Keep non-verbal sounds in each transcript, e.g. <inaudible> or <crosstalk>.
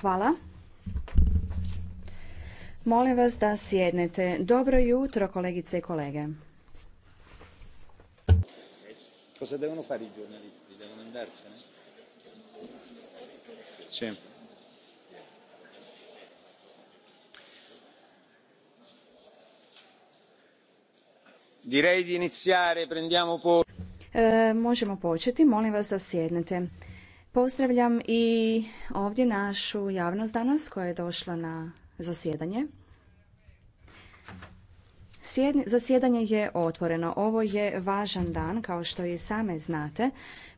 Hvala. Molim vas da sjednete. Dobro jutro, kolegice i kolege. Cosa devono fare i giornalisti? Devono andarsene? Sì. Direi di iniziare, prendiamo po... E, možemo početi, molim vas da sjednete. Pozdravljam i ovdje našu javnost danas koja je došla na zasjedanje. Zasjedanje je otvoreno. Ovo je važan dan, kao što i same znate.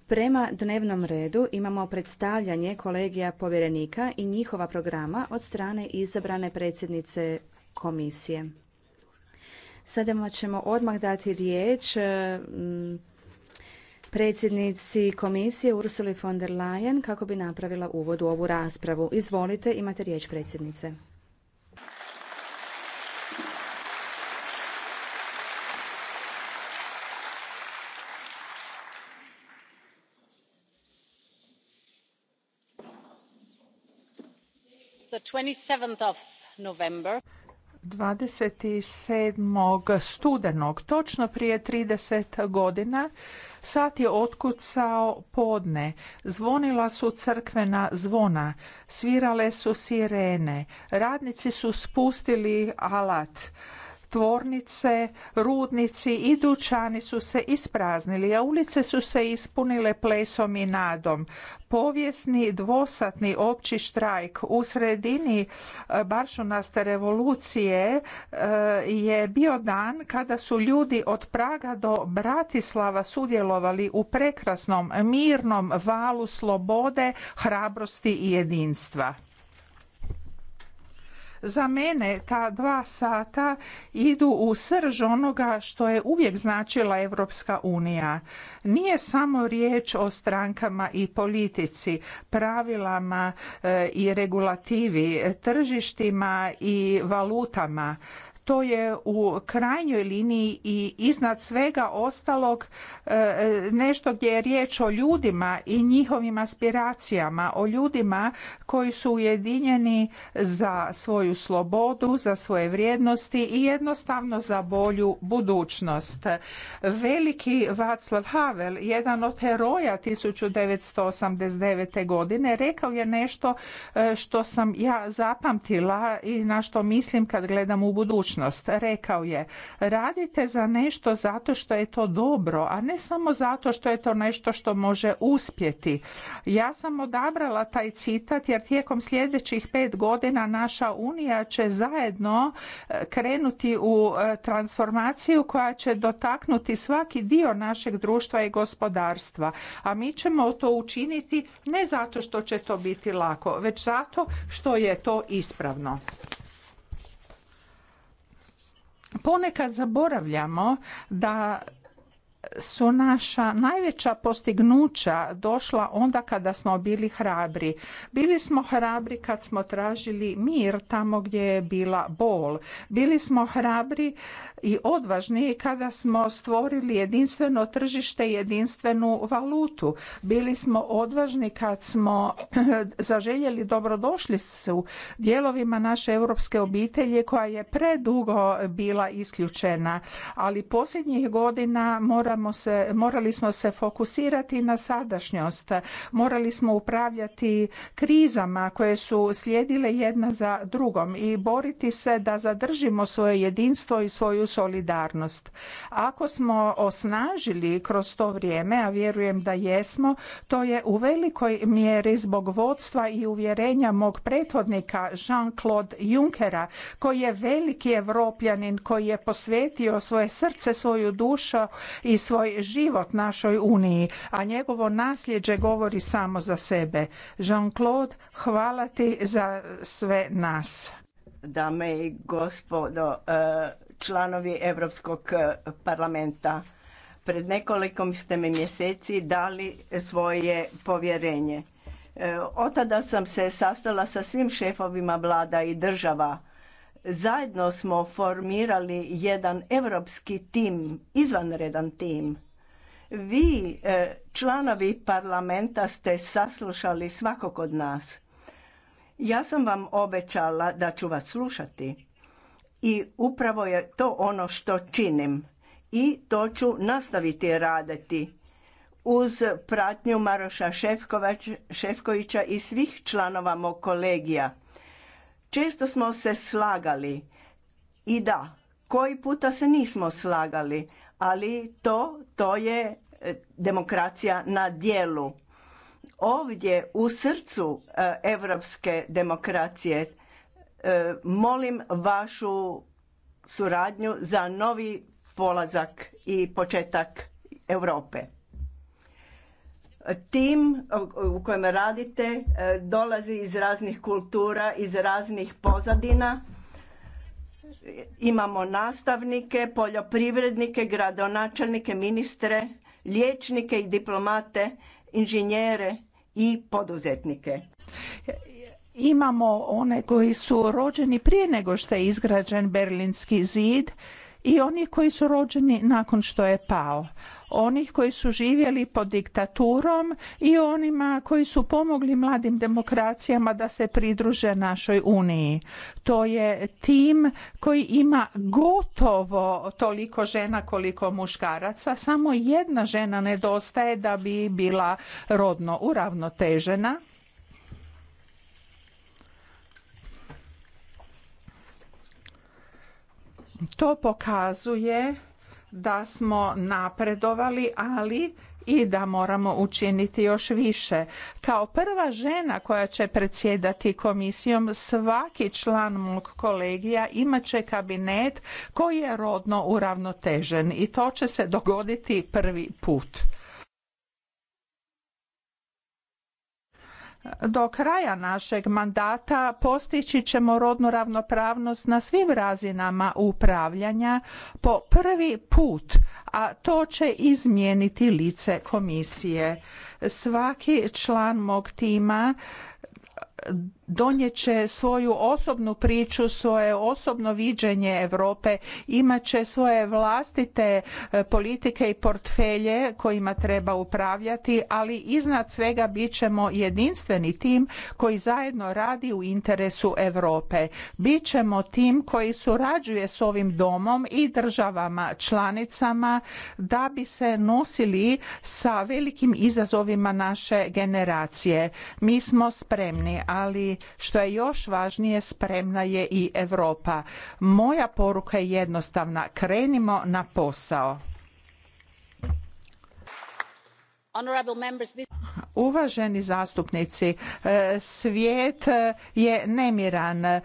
Prema dnevnom redu imamo predstavljanje kolegija povjerenika i njihova programa od strane izabrane predsjednice komisije. Sada ćemo odmah dati riječ predsjednici komisije Ursuli von der Leyen kako bi napravila uvod u ovu raspravu. Izvolite, imate riječ predsjednice. 27. studenog, točno prije 30 godina, Sat je otkucao podne, zvonila su crkvena zvona, svirale su sirene, radnici su spustili alat tvornice, rudnici i dućani su se ispraznili, a ulice su se ispunile plesom i nadom. Povijesni dvosatni opći štrajk u sredini e, baršunaste revolucije e, je bio dan kada su ljudi od Praga do Bratislava sudjelovali u prekrasnom mirnom valu slobode, hrabrosti i jedinstva. Za mene ta dva sata idu u srž onoga što je uvijek značila Europska unija. Nije samo riječ o strankama i politici, pravilama e, i regulativi, tržištima i valutama to je u krajnjoj liniji i iznad svega ostalog e, nešto gdje je riječ o ljudima i njihovim aspiracijama, o ljudima koji su ujedinjeni za svoju slobodu, za svoje vrijednosti i jednostavno za bolju budućnost. Veliki Vaclav Havel, jedan od heroja 1989. godine, rekao je nešto e, što sam ja zapamtila i na što mislim kad gledam u budućnost budućnost. Rekao je, radite za nešto zato što je to dobro, a ne samo zato što je to nešto što može uspjeti. Ja sam odabrala taj citat jer tijekom sljedećih pet godina naša Unija će zajedno e, krenuti u e, transformaciju koja će dotaknuti svaki dio našeg društva i gospodarstva. A mi ćemo to učiniti ne zato što će to biti lako, već zato što je to ispravno. Ponekad zaboravljamo da su naša najveća postignuća došla onda kada smo bili hrabri. Bili smo hrabri kad smo tražili mir tamo gdje je bila bol. Bili smo hrabri i odvažni kada smo stvorili jedinstveno tržište i jedinstvenu valutu. Bili smo odvažni kad smo <clears throat> zaželjeli dobrodošli su dijelovima naše europske obitelji koja je predugo bila isključena, ali posljednjih godina moramo se, morali smo se fokusirati na sadašnjost. Morali smo upravljati krizama koje su slijedile jedna za drugom i boriti se da zadržimo svoje jedinstvo i svoju solidarnost. Ako smo osnažili kroz to vrijeme, a vjerujem da jesmo, to je u velikoj mjeri zbog vodstva i uvjerenja mog prethodnika Jean-Claude Junckera, koji je veliki evropljanin, koji je posvetio svoje srce, svoju dušu i svoj život našoj Uniji, a njegovo nasljeđe govori samo za sebe. Jean-Claude, hvala ti za sve nas. Dame i gospodo, eh, članovi Europskog eh, parlamenta. Pred nekoliko ste mi mjeseci dali svoje povjerenje. Eh, od tada sam se sastala sa svim šefovima vlada i država. Zajedno smo formirali jedan europski tim, izvanredan tim. Vi, eh, članovi parlamenta, ste saslušali svakog od nas. Ja sam vam obećala da ću vas slušati i upravo je to ono što činim i to ću nastaviti raditi uz pratnju Maroša Šefkovića i svih članova mog kolegija. Često smo se slagali i da, koji puta se nismo slagali, ali to, to je e, demokracija na dijelu. Ovdje u srcu europske demokracije E, molim vašu suradnju za novi polazak i početak Europe. Tim u kojem radite e, dolazi iz raznih kultura, iz raznih pozadina. Imamo nastavnike, poljoprivrednike, gradonačelnike, ministre, liječnike i diplomate, inženjere i poduzetnike imamo one koji su rođeni prije nego što je izgrađen Berlinski zid i oni koji su rođeni nakon što je pao onih koji su živjeli pod diktaturom i onima koji su pomogli mladim demokracijama da se pridruže našoj uniji. To je tim koji ima gotovo toliko žena koliko muškaraca, samo jedna žena nedostaje da bi bila rodno uravnotežena To pokazuje da smo napredovali, ali i da moramo učiniti još više. Kao prva žena koja će predsjedati komisijom, svaki član mog kolegija imat će kabinet koji je rodno uravnotežen i to će se dogoditi prvi put. do kraja našeg mandata postići ćemo rodnu ravnopravnost na svim razinama upravljanja po prvi put, a to će izmijeniti lice komisije. Svaki član mog tima donijet će svoju osobnu priču, svoje osobno viđenje Europe, imat će svoje vlastite e, politike i portfelje kojima treba upravljati, ali iznad svega bit ćemo jedinstveni tim koji zajedno radi u interesu Europe. Bit ćemo tim koji surađuje s ovim domom i državama članicama da bi se nosili sa velikim izazovima naše generacije. Mi smo spremni, ali što je još važnije spremna je i Europa. Moja poruka je jednostavna, krenimo na posao. Uvaženi zastupnici, e, svijet e, je nemiran. E,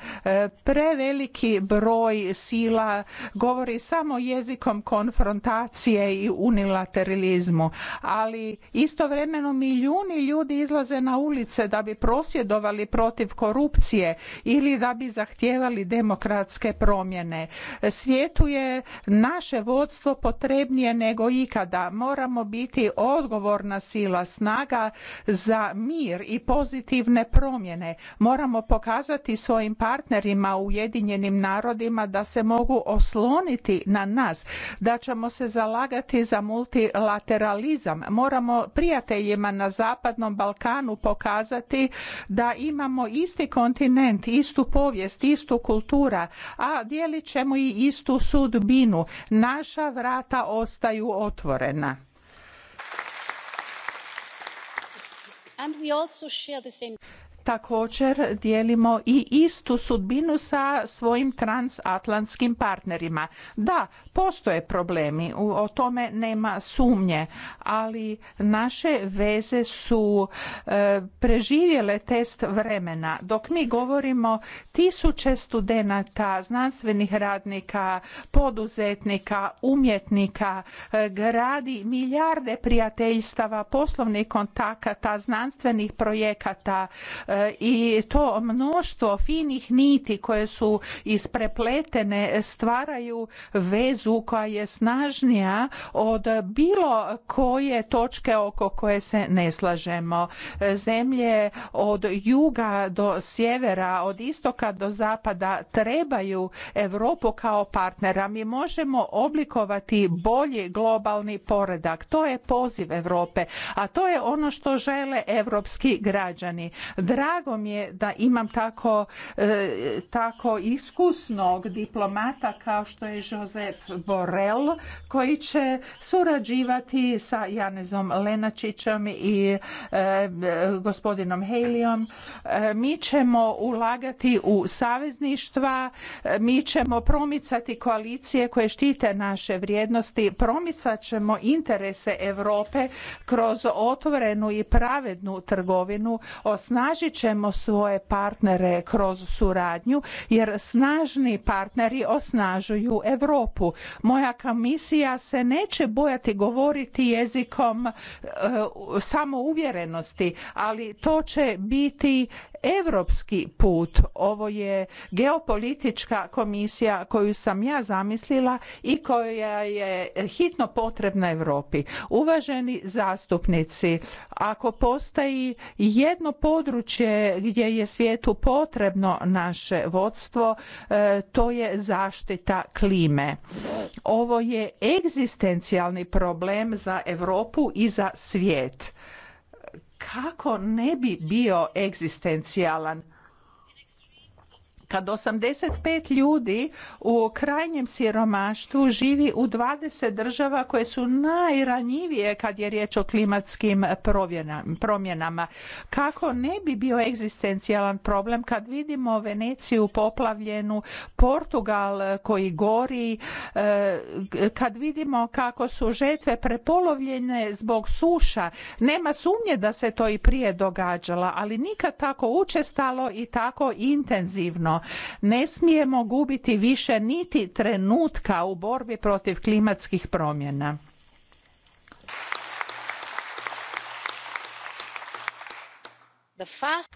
preveliki broj sila govori samo jezikom konfrontacije i unilateralizmu, ali istovremeno milijuni ljudi izlaze na ulice da bi prosvjedovali protiv korupcije ili da bi zahtijevali demokratske promjene. Svijetu je naše vodstvo potrebnije nego ikada. Moramo biti odgovorni na sila, snaga za mir i pozitivne promjene. Moramo pokazati svojim partnerima u Ujedinjenim narodima da se mogu osloniti na nas, da ćemo se zalagati za multilateralizam. Moramo prijateljima na Zapadnom Balkanu pokazati da imamo isti kontinent, istu povijest, istu kultura, a dijelit ćemo i istu sudbinu. Naša vrata ostaju otvorena. and we also share the same također dijelimo i istu sudbinu sa svojim transatlantskim partnerima. Da, postoje problemi, o tome nema sumnje, ali naše veze su e, preživjele test vremena. Dok mi govorimo tisuće studenata, znanstvenih radnika, poduzetnika, umjetnika, e, gradi milijarde prijateljstava, poslovnih kontakata, znanstvenih projekata, e, E, i to mnoštvo finih niti koje su isprepletene stvaraju vezu koja je snažnija od bilo koje točke oko koje se ne slažemo. E, zemlje od juga do sjevera, od istoka do zapada trebaju Europu kao partnera. Mi možemo oblikovati bolji globalni poredak. To je poziv Europe, a to je ono što žele evropski građani. Drago mi je da imam tako, e, tako iskusnog diplomata kao što je Josep Borel koji će surađivati sa Janezom Lenačićem i e, gospodinom Helijom. E, mi ćemo ulagati u savezništva, mi ćemo promicati koalicije koje štite naše vrijednosti, promicat ćemo interese Europe kroz otvorenu i pravednu trgovinu, osnažit ćemo svoje partnere kroz suradnju jer snažni partneri osnažuju Europu. Moja komisija se neće bojati govoriti jezikom e, samouvjerenosti, ali to će biti europski put. Ovo je geopolitička komisija koju sam ja zamislila i koja je hitno potrebna Europi. Uvaženi zastupnici, ako postoji jedno područje gdje je svijetu potrebno naše vodstvo, e, to je zaštita klime. Ovo je egzistencijalni problem za Europu i za svijet kako ne bi bio egzistencijalan kad 85 ljudi u krajnjem siromaštvu živi u 20 država koje su najranjivije kad je riječ o klimatskim promjenama. Kako ne bi bio egzistencijalan problem kad vidimo Veneciju poplavljenu, Portugal koji gori, e, kad vidimo kako su žetve prepolovljene zbog suša. Nema sumnje da se to i prije događalo, ali nikad tako učestalo i tako intenzivno. Ne smijemo gubiti više niti trenutka u borbi protiv klimatskih promjena. fast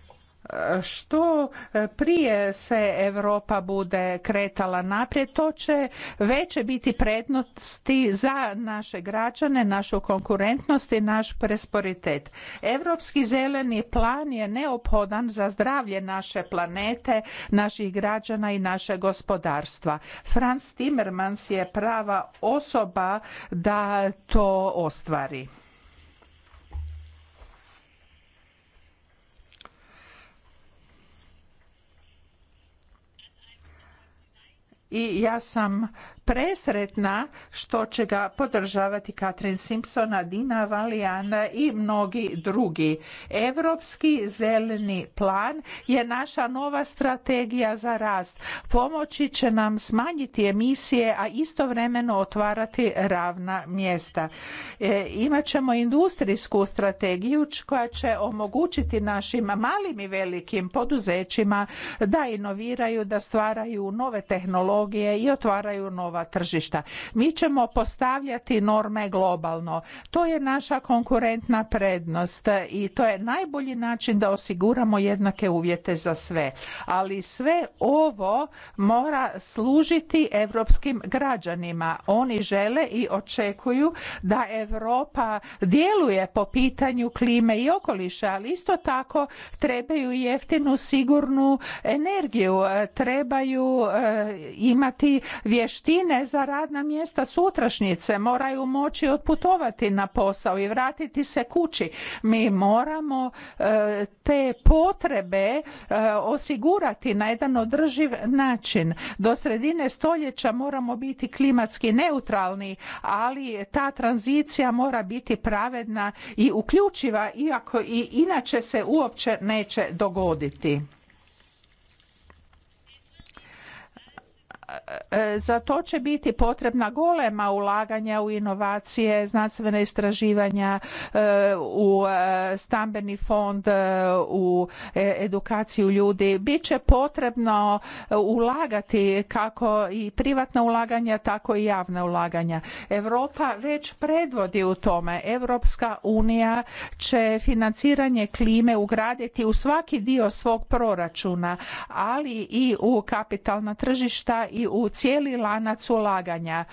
što e, prije se Europa bude kretala naprijed, to će veće biti prednosti za naše građane, našu konkurentnost i naš prosperitet. Europski zeleni plan je neophodan za zdravlje naše planete, naših građana i naše gospodarstva. Franz Timmermans je prava osoba da to ostvari. i ja sam presretna što će ga podržavati Katrin Simpsona, Dina Valijana i mnogi drugi. Europski zeleni plan je naša nova strategija za rast. Pomoći će nam smanjiti emisije, a istovremeno otvarati ravna mjesta. E, Imaćemo industrijsku strategiju koja će omogućiti našim malim i velikim poduzećima da inoviraju, da stvaraju nove tehnologije i otvaraju nova tržišta. Mi ćemo postavljati norme globalno. To je naša konkurentna prednost i to je najbolji način da osiguramo jednake uvjete za sve. Ali sve ovo mora služiti europskim građanima. Oni žele i očekuju da Europa djeluje po pitanju klime i okoliša, ali isto tako trebaju jeftinu sigurnu energiju, trebaju e, imati vještine brine za radna mjesta sutrašnjice, moraju moći otputovati na posao i vratiti se kući. Mi moramo e, te potrebe e, osigurati na jedan održiv način. Do sredine stoljeća moramo biti klimatski neutralni, ali ta tranzicija mora biti pravedna i uključiva, iako i inače se uopće neće dogoditi. E, za to će biti potrebna golema ulaganja u inovacije, znanstvene istraživanja, e, u e, stambeni fond, u edukaciju ljudi. Biće potrebno ulagati kako i privatna ulaganja, tako i javna ulaganja. Europa već predvodi u tome. Europska unija će financiranje klime ugraditi u svaki dio svog proračuna, ali i u kapitalna tržišta u cijeli lanac ulaganja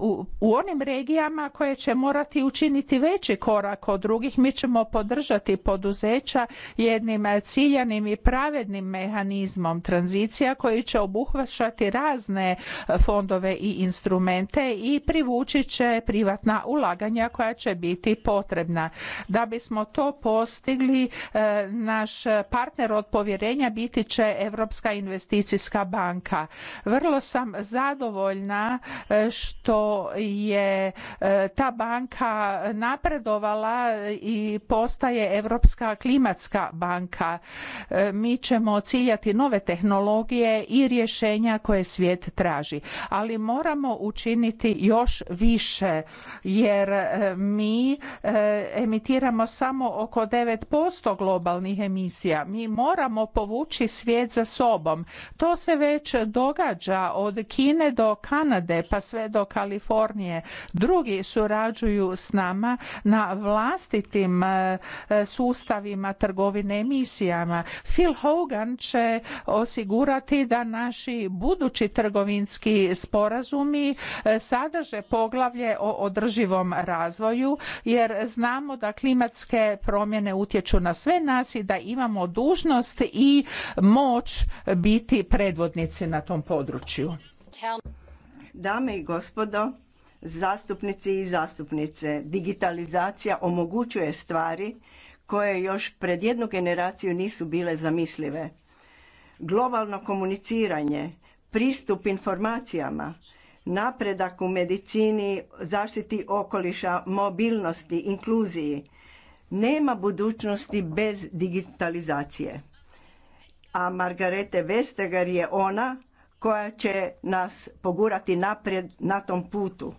u, onim regijama koje će morati učiniti veći korak od drugih mi ćemo podržati poduzeća jednim e, ciljanim i pravednim mehanizmom tranzicija koji će obuhvaćati razne e, fondove i instrumente i privući će privatna ulaganja koja će biti potrebna. Da bismo to postigli e, naš partner od povjerenja biti će Europska investicijska banka. Vrlo sam zadovoljna što što je e, ta banka napredovala i postaje Europska klimatska banka. E, mi ćemo ciljati nove tehnologije i rješenja koje svijet traži. Ali moramo učiniti još više jer e, mi emitiramo samo oko 9% globalnih emisija. Mi moramo povući svijet za sobom. To se već događa od Kine do Kanade pa sve do Kalifornije. Drugi surađuju s nama na vlastitim e, sustavima trgovine emisijama. Phil Hogan će osigurati da naši budući trgovinski sporazumi e, sadrže poglavlje o održivom razvoju jer znamo da klimatske promjene utječu na sve nas i da imamo dužnost i moć biti predvodnici na tom području. Dame i gospodo, zastupnici i zastupnice, digitalizacija omogućuje stvari koje još pred jednu generaciju nisu bile zamislive. Globalno komuniciranje, pristup informacijama, napredak u medicini, zaštiti okoliša, mobilnosti, inkluziji. Nema budućnosti bez digitalizacije. A Margarete Vestegar je ona koja će nas pogurati naprijed na tom putu.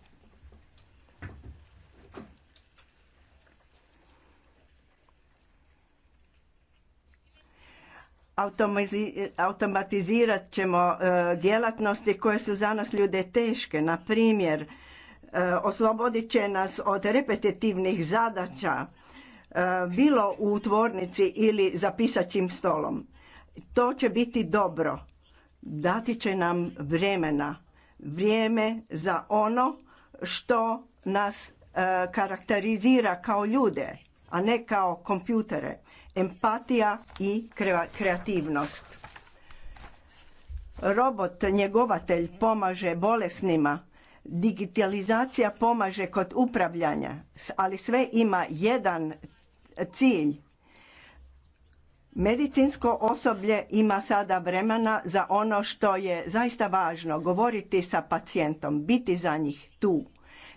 Automatizirat ćemo e, djelatnosti koje su za nas ljude teške, na primjer e, oslobodit će nas od repetitivnih zadaća e, bilo u tvornici ili za pisaćim stolom. To će biti dobro dati će nam vremena, vrijeme za ono što nas e, karakterizira kao ljude, a ne kao kompjutere, empatija i kreativnost. Robot njegovatelj pomaže bolesnima, digitalizacija pomaže kod upravljanja, ali sve ima jedan cilj, Medicinsko osoblje ima sada vremena za ono što je zaista važno, govoriti sa pacijentom, biti za njih tu.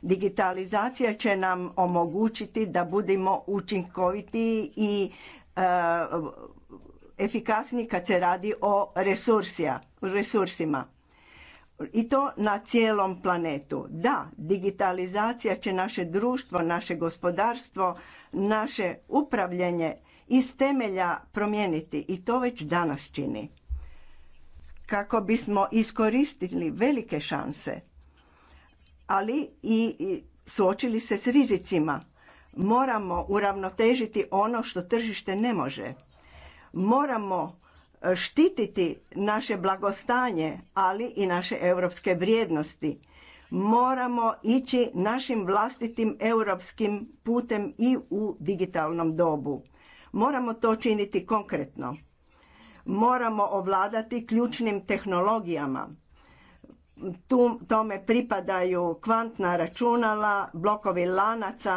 Digitalizacija će nam omogućiti da budemo učinkovitiji i e, efikasniji kad se radi o resursima. I to na cijelom planetu. Da, digitalizacija će naše društvo, naše gospodarstvo, naše upravljanje iz temelja promijeniti i to već danas čini. Kako bismo iskoristili velike šanse, ali i suočili se s rizicima, moramo uravnotežiti ono što tržište ne može. Moramo e, štititi naše blagostanje, ali i naše europske vrijednosti. Moramo ići našim vlastitim europskim putem i u digitalnom dobu Moramo to činiti konkretno. Moramo ovladati ključnim tehnologijama. Tu, tome pripadaju kvantna računala, blokovi lanaca,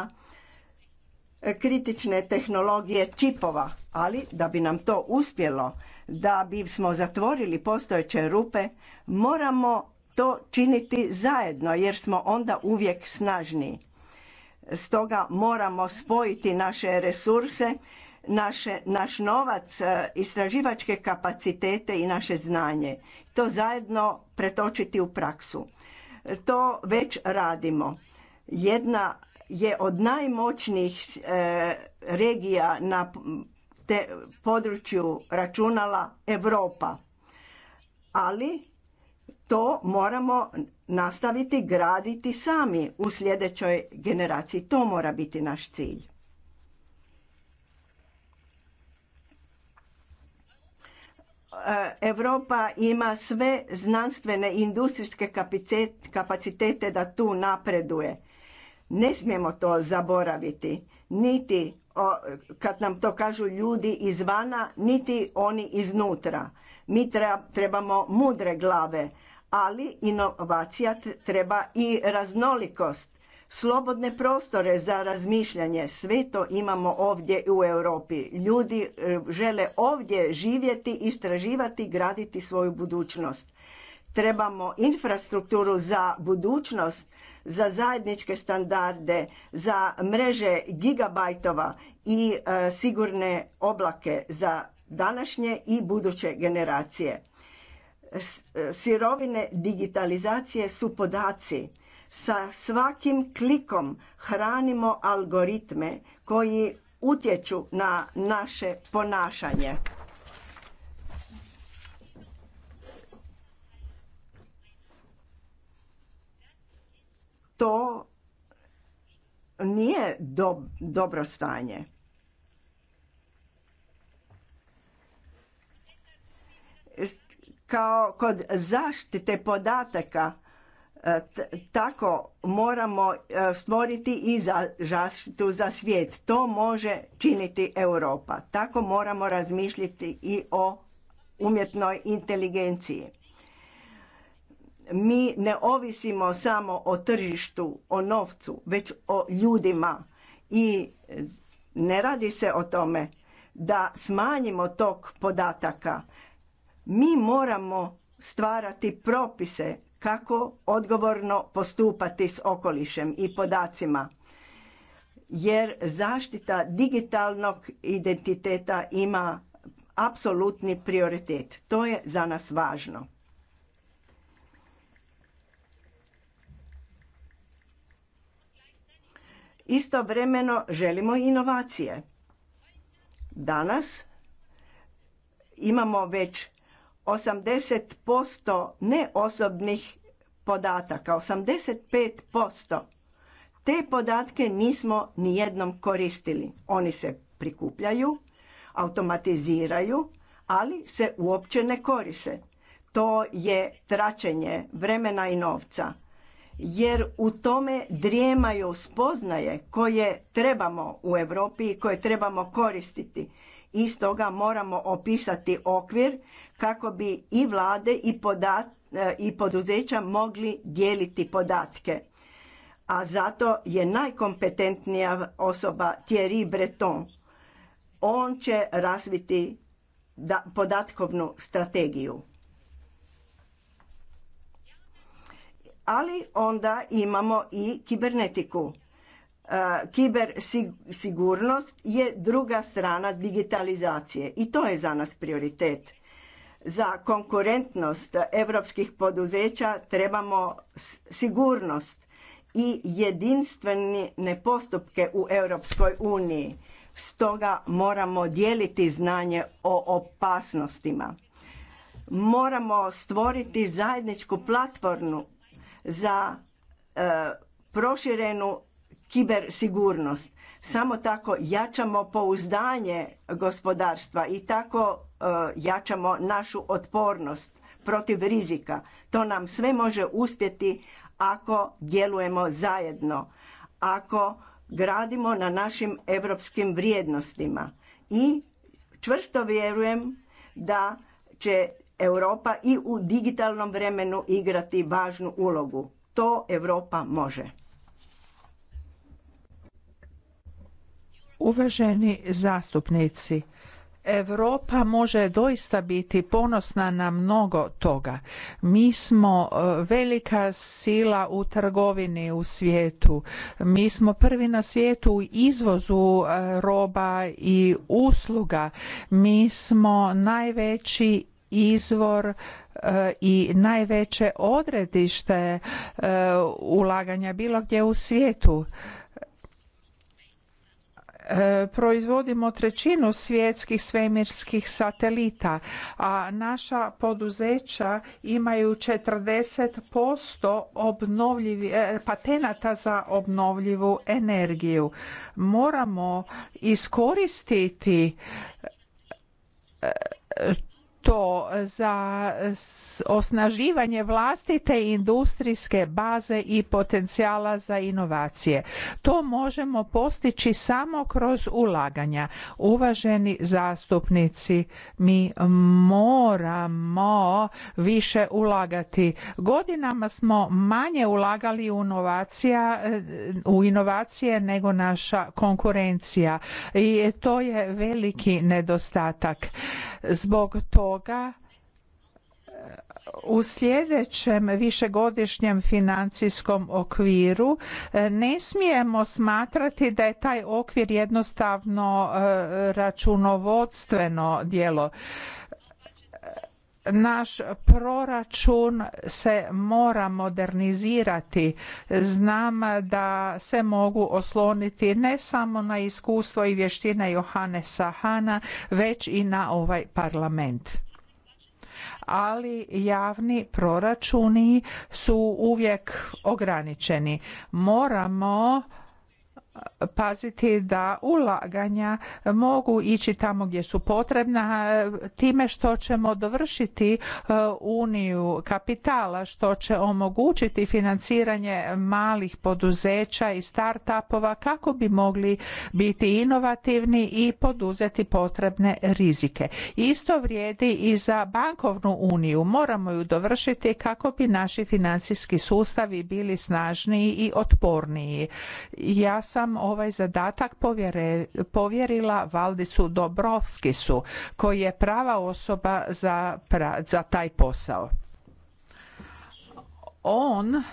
kritične tehnologije čipova, ali da bi nam to uspjelo, da bismo zatvorili postojeće rupe, moramo to činiti zajedno jer smo onda uvijek snažniji. Stoga moramo spojiti naše resurse naše, naš novac, e, istraživačke kapacitete i naše znanje. To zajedno pretočiti u praksu. E, to već radimo. Jedna je od najmoćnijih e, regija na te području računala Europa. Ali to moramo nastaviti graditi sami u sljedećoj generaciji. To mora biti naš cilj. E, Europa ima sve znanstvene i industrijske kapacitete da tu napreduje. Ne smijemo to zaboraviti, niti kad nam to kažu ljudi izvana, niti oni iznutra. Mi trebamo mudre glave, ali inovacija treba i raznolikost slobodne prostore za razmišljanje. Sve to imamo ovdje u Europi. Ljudi e, žele ovdje živjeti, istraživati, graditi svoju budućnost. Trebamo infrastrukturu za budućnost, za zajedničke standarde, za mreže gigabajtova i e, sigurne oblake za današnje i buduće generacije. E, sirovine digitalizacije su podaci sa svakim klikom hranimo algoritme koji utječu na naše ponašanje. To nije dobro stanje. Kao kod zaštite podataka E, tako moramo e, stvoriti i za zaštitu za svijet. To može činiti Europa. Tako moramo razmišljati i o umjetnoj inteligenciji. Mi ne ovisimo samo o tržištu, o novcu, već o ljudima. I ne radi se o tome da smanjimo tok podataka. Mi moramo stvarati propise kako odgovorno postupati s okolišem i podacima jer zaštita digitalnog identiteta ima apsolutni prioritet. To je za nas važno. Istovremeno želimo inovacije. Danas imamo već 80% neosobnih podataka, 85%. Te podatke nismo ni jednom koristili. Oni se prikupljaju, automatiziraju, ali se uopće ne koriste. To je tračenje vremena i novca. Jer u tome drijemaju spoznaje koje trebamo u Europi i koje trebamo koristiti i stoga moramo opisati okvir kako bi i vlade i, e, i poduzeća mogli dijeliti podatke. A zato je najkompetentnija osoba Thierry Breton. On će razviti podatkovnu strategiju. Ali onda imamo i kibernetiku Kiber sigurnost je druga strana digitalizacije i to je za nas prioritet. Za konkurentnost europskih poduzeća trebamo sigurnost i jedinstvene postupke u Europskoj uniji. Stoga moramo dijeliti znanje o opasnostima. Moramo stvoriti zajedničku platformu za e, proširenu kibersigurnost. Samo tako jačamo pouzdanje gospodarstva i tako e, jačamo našu otpornost protiv rizika. To nam sve može uspjeti ako djelujemo zajedno, ako gradimo na našim europskim vrijednostima. I čvrsto vjerujem da će Europa i u digitalnom vremenu igrati važnu ulogu. To Europa može. Uvaženi zastupnici, Europa može doista biti ponosna na mnogo toga. Mi smo e, velika sila u trgovini u svijetu. Mi smo prvi na svijetu u izvozu e, roba i usluga. Mi smo najveći izvor e, i najveće odredište ulaganja bilo gdje u svijetu Proizvodimo trećinu svjetskih svemirskih satelita, a naša poduzeća imaju 40% obnovljivi, e, patenata za obnovljivu energiju. Moramo iskoristiti e, to za osnaživanje vlastite industrijske baze i potencijala za inovacije. To možemo postići samo kroz ulaganja. Uvaženi zastupnici, mi moramo više ulagati. Godinama smo manje ulagali u, inovacija, u inovacije nego naša konkurencija i to je veliki nedostatak. Zbog to toga e, u sljedećem višegodišnjem financijskom okviru e, ne smijemo smatrati da je taj okvir jednostavno e, računovodstveno djelo naš proračun se mora modernizirati. Znam da se mogu osloniti ne samo na iskustvo i vještine Johanesa Hana, već i na ovaj parlament ali javni proračuni su uvijek ograničeni. Moramo paziti da ulaganja mogu ići tamo gdje su potrebna time što ćemo dovršiti e, uniju kapitala što će omogućiti financiranje malih poduzeća i startupova kako bi mogli biti inovativni i poduzeti potrebne rizike. Isto vrijedi i za bankovnu uniju. Moramo ju dovršiti kako bi naši financijski sustavi bili snažniji i otporniji. Ja sam ovaj zadatak povjerila Valdisu Dobrovskisu koji je prava osoba za, za taj posao. On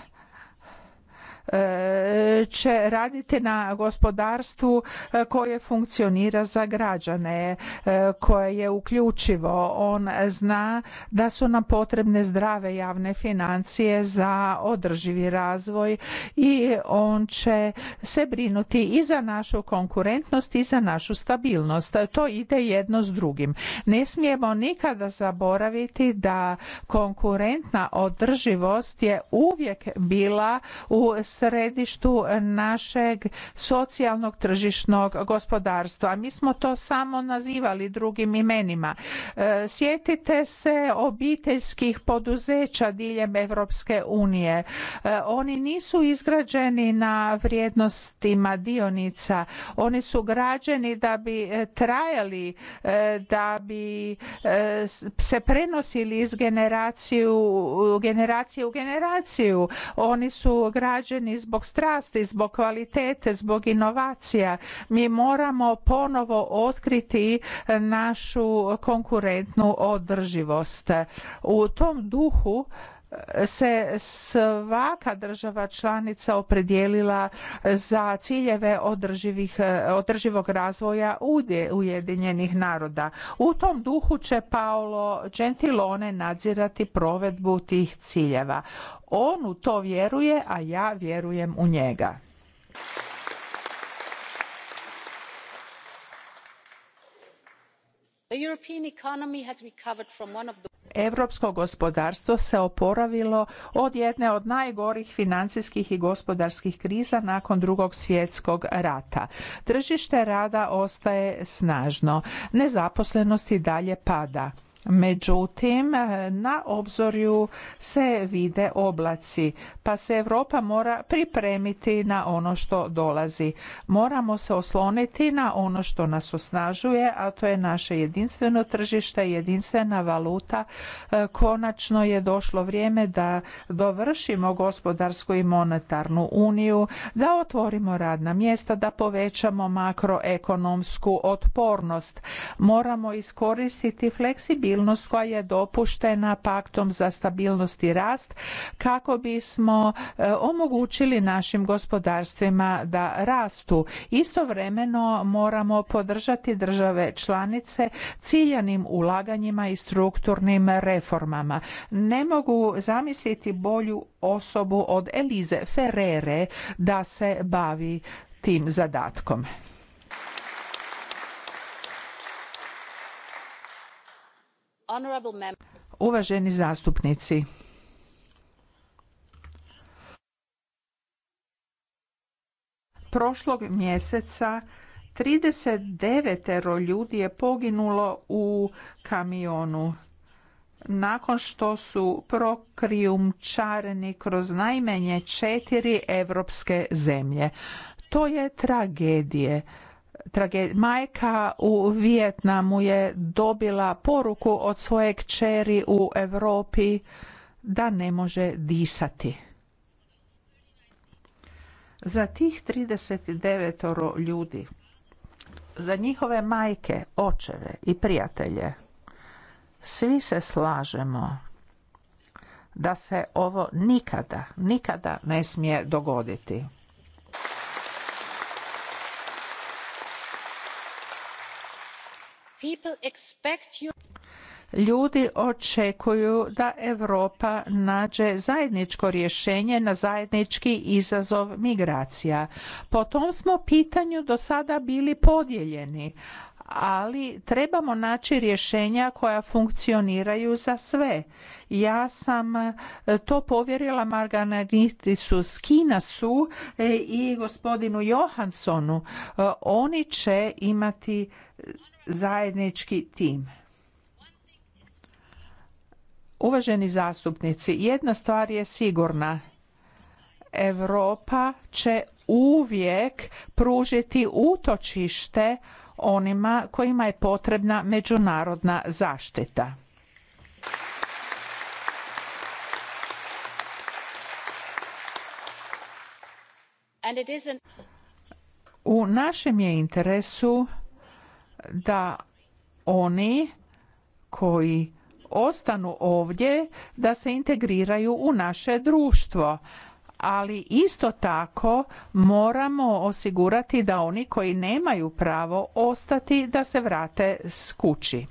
E, će raditi na gospodarstvu e, koje funkcionira za građane, e, koje je uključivo. On zna da su nam potrebne zdrave javne financije za održivi razvoj i on će se brinuti i za našu konkurentnost i za našu stabilnost. To ide jedno s drugim. Ne smijemo nikada zaboraviti da konkurentna održivost je uvijek bila u središtu našeg socijalnog tržišnog gospodarstva. Mi smo to samo nazivali drugim imenima. E, sjetite se obiteljskih poduzeća diljem Europske unije. E, oni nisu izgrađeni na vrijednostima dionica. Oni su građeni da bi e, trajali, da bi se prenosili iz generaciju, generacije u generaciju. Oni su građeni zbog strasti, zbog kvalitete, zbog inovacija. Mi moramo ponovo otkriti e, našu konkurentnu održivost. U tom duhu se svaka država članica opredijelila za ciljeve održivog razvoja Ujedinjenih naroda. U tom duhu će Paolo Gentilone nadzirati provedbu tih ciljeva. On u to vjeruje, a ja vjerujem u njega. Europsko gospodarstvo se oporavilo od jedne od najgorih financijskih i gospodarskih kriza nakon drugog svjetskog rata. Tržište rada ostaje snažno, nezaposlenost i dalje pada. Međutim, e, na obzorju se vide oblaci, pa se Europa mora pripremiti na ono što dolazi. Moramo se osloniti na ono što nas osnažuje, a to je naše jedinstveno tržište, jedinstvena valuta. E, konačno je došlo vrijeme da dovršimo gospodarsku i monetarnu uniju, da otvorimo radna mjesta, da povećamo makroekonomsku otpornost. Moramo iskoristiti fleksibilnost stabilnost koja je dopuštena paktom za stabilnost i rast kako bismo e, omogućili našim gospodarstvima da rastu. Istovremeno moramo podržati države članice ciljanim ulaganjima i strukturnim reformama. Ne mogu zamisliti bolju osobu od Elize Ferrere da se bavi tim zadatkom. Uvaženi zastupnici, prošlog mjeseca 39 ljudi je poginulo u kamionu nakon što su prokrijumčareni kroz najmanje četiri europske zemlje. To je tragedije. Majka u Vijetnamu je dobila poruku od svoje kćeri u Europi da ne može disati. Za tih 39 ljudi, za njihove majke, očeve i prijatelje, svi se slažemo da se ovo nikada, nikada ne smije dogoditi. Ljudi očekuju da Europa nađe zajedničko rješenje na zajednički izazov migracija. Po tom smo pitanju do sada bili podijeljeni, ali trebamo naći rješenja koja funkcioniraju za sve. Ja sam e, to povjerila Marganitisu Skinasu e, i gospodinu Johansonu. E, oni će imati zajednički tim. Uvaženi zastupnici, jedna stvar je sigurna. Europa će uvijek pružiti utočište onima kojima je potrebna međunarodna zaštita. U našem je interesu da oni koji ostanu ovdje da se integriraju u naše društvo ali isto tako moramo osigurati da oni koji nemaju pravo ostati da se vrate s kući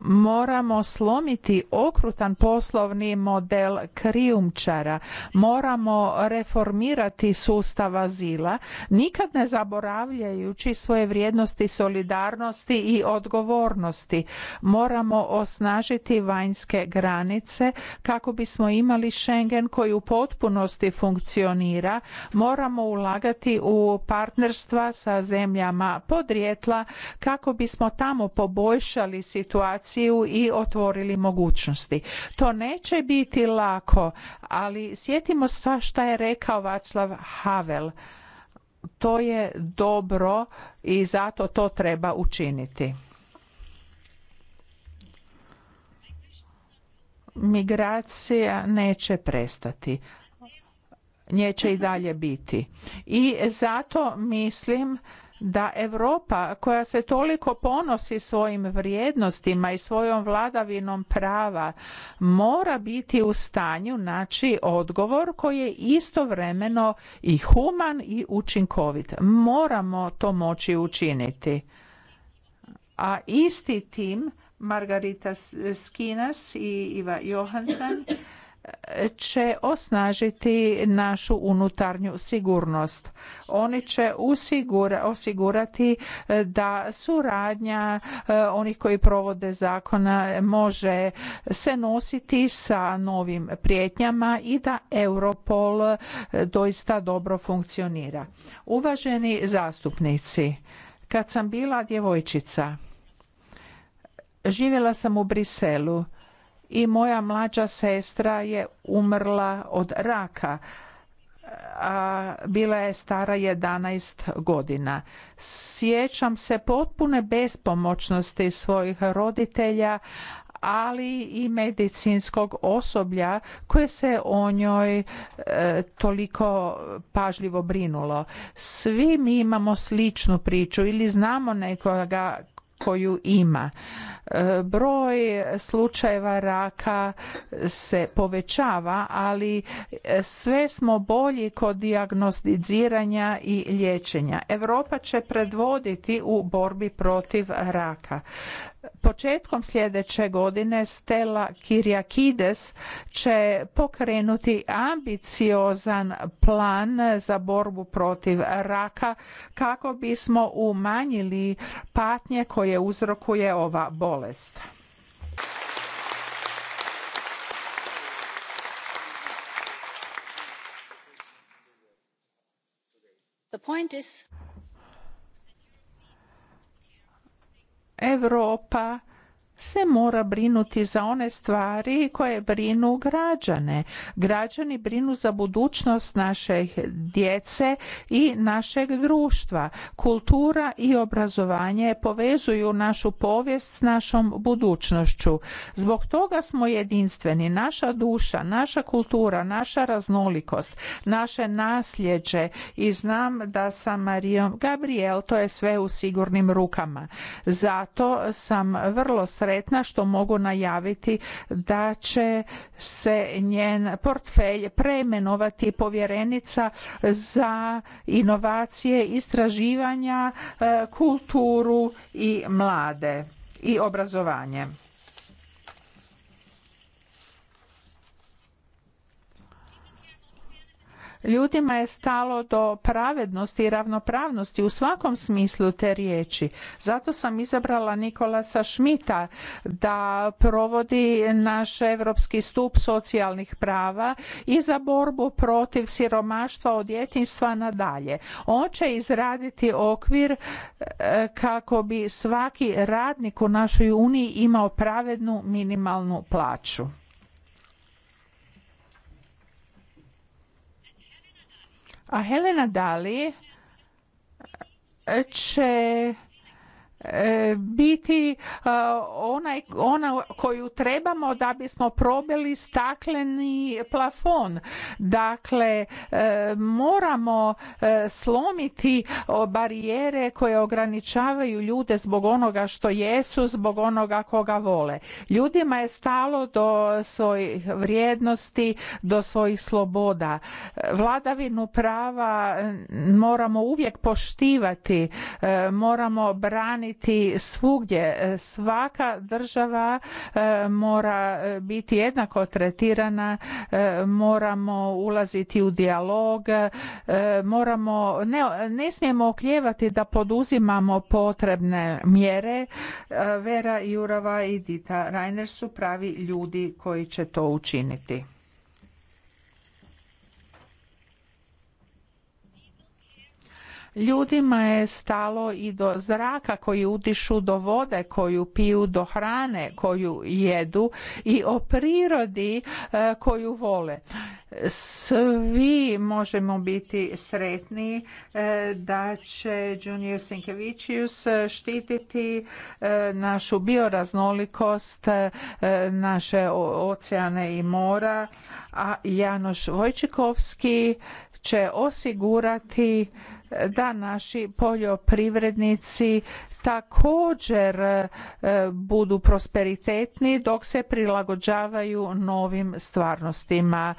moramo slomiti okrutan poslovni model krijumčara, moramo reformirati sustav azila, nikad ne zaboravljajući svoje vrijednosti solidarnosti i odgovornosti. Moramo osnažiti vanjske granice kako bismo imali Schengen koji u potpunosti funkcionira. Moramo ulagati u partnerstva sa zemljama podrijetla kako bismo tamo poboljšali situaciju i otvorili mogućnosti. To neće biti lako, ali sjetimo se šta je rekao Vaclav Havel. To je dobro i zato to treba učiniti. Migracija neće prestati nje će i dalje biti. I zato mislim da Europa koja se toliko ponosi svojim vrijednostima i svojom vladavinom prava mora biti u stanju naći odgovor koji je istovremeno i human i učinkovit. Moramo to moći učiniti. A isti tim Margarita Skinas i Iva Johansen će osnažiti našu unutarnju sigurnost. Oni će osigurati e, da suradnja e, onih koji provode zakona može se nositi sa novim prijetnjama i da Europol e, doista dobro funkcionira. Uvaženi zastupnici, kad sam bila djevojčica, živjela sam u Briselu i moja mlađa sestra je umrla od raka a bila je stara 11 godina. Sjećam se potpune bespomoćnosti svojih roditelja, ali i medicinskog osoblja koje se o njoj e, toliko pažljivo brinulo. Svi mi imamo sličnu priču ili znamo nekoga koju ima. E, broj slučajeva raka se povećava, ali e, sve smo bolji kod dijagnosticiranja i liječenja. Europa će predvoditi u borbi protiv raka. Početkom sljedeće godine Stella Kiriakides će pokrenuti ambiciozan plan za borbu protiv raka kako bismo umanjili patnje koje uzrokuje ova bolest. Europa se mora brinuti za one stvari koje brinu građane. Građani brinu za budućnost naše djece i našeg društva. Kultura i obrazovanje povezuju našu povijest s našom budućnošću. Zbog toga smo jedinstveni. Naša duša, naša kultura, naša raznolikost, naše nasljeđe i znam da sa Marijom Gabriel to je sve u sigurnim rukama. Zato sam vrlo sretna sretna što mogu najaviti da će se njen portfelj preimenovati povjerenica za inovacije, istraživanja, e, kulturu i mlade i obrazovanje. Ljudima je stalo do pravednosti i ravnopravnosti u svakom smislu te riječi. Zato sam izabrala Nikolasa Šmita da provodi naš europski stup socijalnih prava i za borbu protiv siromaštva od djetinjstva nadalje. On će izraditi okvir e, kako bi svaki radnik u našoj uniji imao pravednu minimalnu plaću. A Helena Dali će E, biti e, onaj, ona koju trebamo da bismo probili stakleni plafon. Dakle, e, moramo slomiti barijere koje ograničavaju ljude zbog onoga što jesu, zbog onoga koga vole. Ljudima je stalo do svojih vrijednosti, do svojih sloboda. Vladavinu prava moramo uvijek poštivati, moramo braniti primijeniti svugdje. E, svaka država e, mora e, biti jednako tretirana, moramo ulaziti u dijalog, moramo ne, ne smijemo okljevati da poduzimamo potrebne mjere. Vera Jurava i Dita Reiner su pravi ljudi koji će to učiniti. Ljudima je stalo i do zraka koji utišu, do vode koju piju, do hrane koju jedu i o prirodi e, koju vole. Svi možemo biti sretni e, da će Junior Sinkevicius štititi e, našu bioraznolikost, naše oceane i mora, a Janoš Vojčikovski će osigurati da naši poljoprivrednici također e, budu prosperitetni dok se prilagođavaju novim stvarnostima.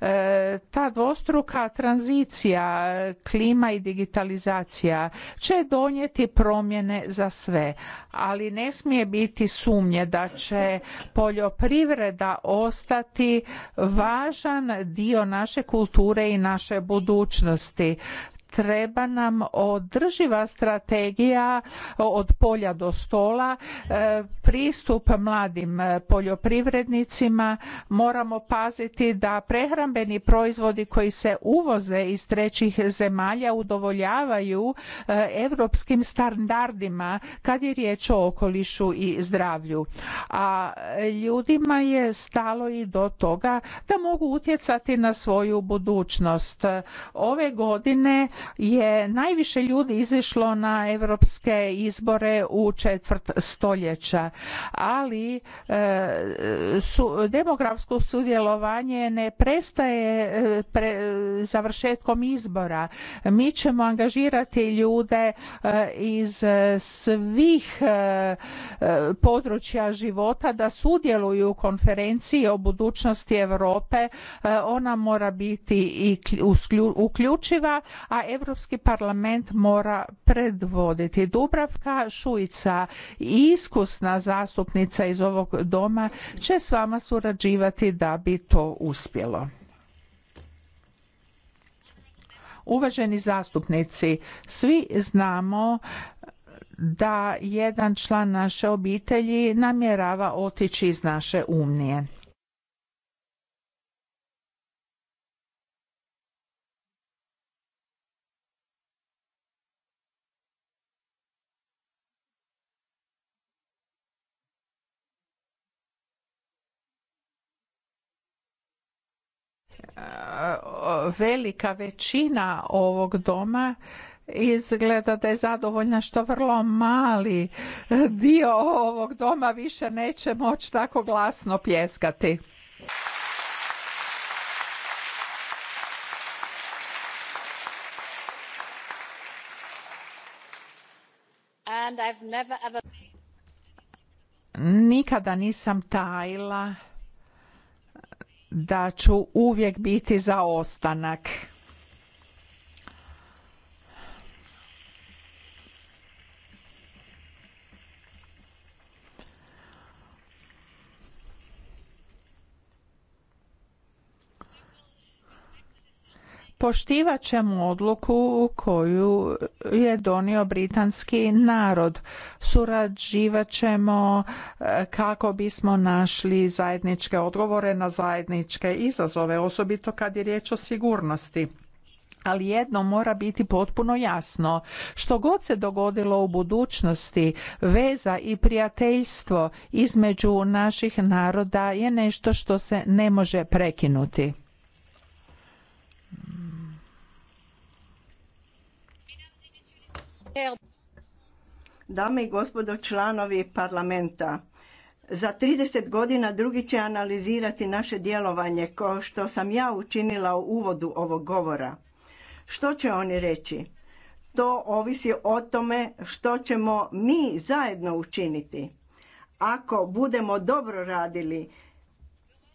E, ta dvostruka tranzicija, klima i digitalizacija će donijeti promjene za sve, ali ne smije biti sumnje da će poljoprivreda ostati važan dio naše kulture i naše budućnosti treba nam održiva strategija od polja do stola, e, pristup mladim poljoprivrednicima, moramo paziti da prehrambeni proizvodi koji se uvoze iz trećih zemalja udovoljavaju europskim standardima kad je riječ o okolišu i zdravlju. A ljudima je stalo i do toga da mogu utjecati na svoju budućnost. Ove godine je najviše ljudi izišlo na europske izbore u četvrt stoljeća, ali e, su, demografsko sudjelovanje ne prestaje e, pre, završetkom izbora. Mi ćemo angažirati ljude e, iz svih područja života da sudjeluju u konferenciji o budućnosti Europe. Ona mora biti i uključiva, a Europski parlament mora predvoditi. Dubravka Šuica, iskusna zastupnica iz ovog doma, će s vama surađivati da bi to uspjelo. Uvaženi zastupnici, svi znamo da jedan član naše obitelji namjerava otići iz naše unije. velika većina ovog doma izgleda da je zadovoljna što vrlo mali dio ovog doma više neće moći tako glasno pjeskati. Nikada nisam tajla da ću uvijek biti za ostanak. poštivat ćemo odluku koju je donio britanski narod. Surađivat ćemo e, kako bismo našli zajedničke odgovore na zajedničke izazove, osobito kad je riječ o sigurnosti. Ali jedno mora biti potpuno jasno. Što god se dogodilo u budućnosti, veza i prijateljstvo između naših naroda je nešto što se ne može prekinuti. Dame i gospodo članovi parlamenta, za 30 godina drugi će analizirati naše djelovanje kao što sam ja učinila u uvodu ovog govora. Što će oni reći? To ovisi o tome što ćemo mi zajedno učiniti. Ako budemo dobro radili,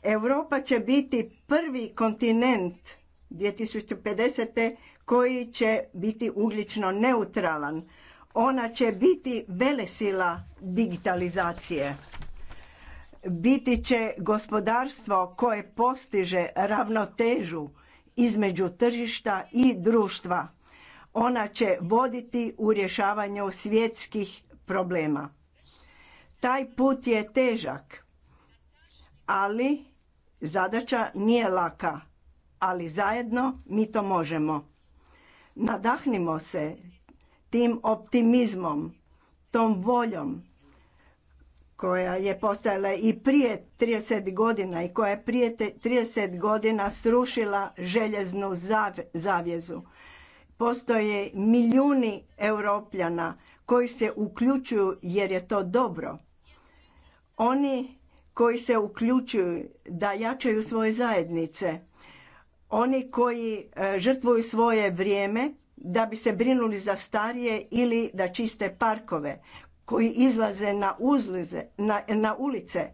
Europa će biti prvi kontinent 2050 koji će biti ugljično neutralan. Ona će biti velesila digitalizacije. Biti će gospodarstvo koje postiže ravnotežu između tržišta i društva. Ona će voditi u rješavanju svjetskih problema. Taj put je težak, ali zadaća nije laka, ali zajedno mi to možemo. Nadahnimo se tim optimizmom, tom voljom koja je postojala i prije 30 godina i koja je prije 30 godina srušila željeznu zavjezu. Postoje milijuni europljana koji se uključuju jer je to dobro. Oni koji se uključuju da jačaju svoje zajednice oni koji e, žrtvuju svoje vrijeme da bi se brinuli za starije ili da čiste parkove, koji izlaze na, uzlize, na, na ulice,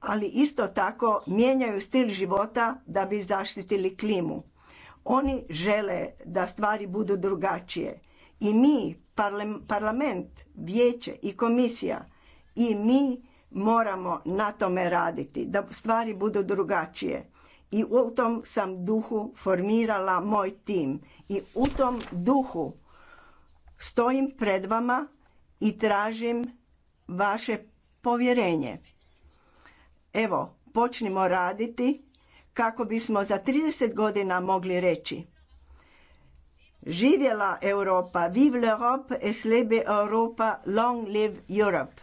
ali isto tako mijenjaju stil života da bi zaštitili klimu. Oni žele da stvari budu drugačije. I mi, parlament, vijeće i komisija, i mi moramo na tome raditi, da stvari budu drugačije i u tom sam duhu formirala moj tim i u tom duhu stojim pred vama i tražim vaše povjerenje. Evo, počnimo raditi kako bismo za 30 godina mogli reći Živjela Europa, vive l'Europe et slebe Europa, long live Europe.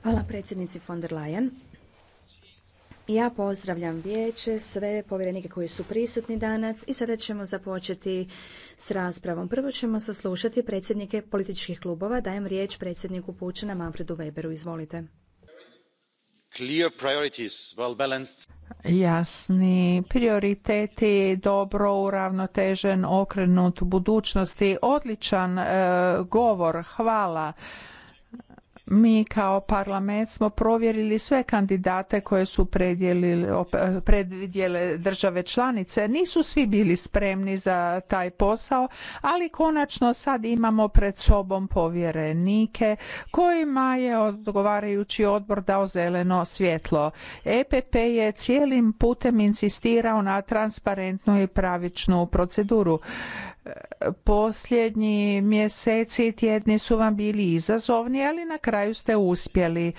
Hvala predsjednici von der Leyen. Ja pozdravljam vijeće, sve povjerenike koji su prisutni danas i sada ćemo započeti s raspravom. Prvo ćemo saslušati predsjednike političkih klubova. Dajem riječ predsjedniku Pučina Manfredu Weberu. Izvolite. Jasni prioriteti, dobro uravnotežen, okrenut budućnosti, odličan e, govor, hvala. Mi kao parlament smo provjerili sve kandidate koje su predvidjele države članice. Nisu svi bili spremni za taj posao, ali konačno sad imamo pred sobom povjerenike kojima je odgovarajući odbor dao zeleno svjetlo. EPP je cijelim putem insistirao na transparentnu i pravičnu proceduru posljednji mjeseci i tjedni su vam bili izazovni, ali na kraju ste uspjeli.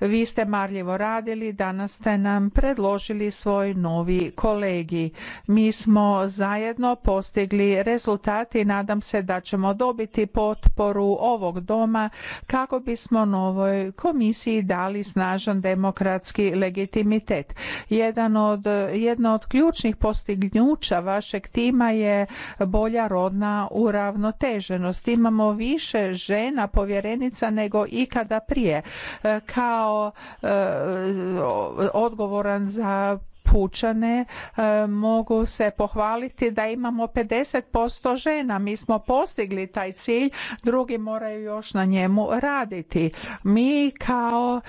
Vi ste marljivo radili, danas ste nam predložili svoj novi kolegi. Mi smo zajedno postigli rezultati i nadam se da ćemo dobiti potporu ovog doma kako bismo novoj komisiji dali snažan demokratski legitimitet. Jedan od, jedno od ključnih postignuća vašeg tima je bolja rodna uravnoteženost. Imamo više žena povjerenica nego ikada prije. E, kao e, odgovoran za pučane e, mogu se pohvaliti da imamo 50% žena. Mi smo postigli taj cilj, drugi moraju još na njemu raditi. Mi kao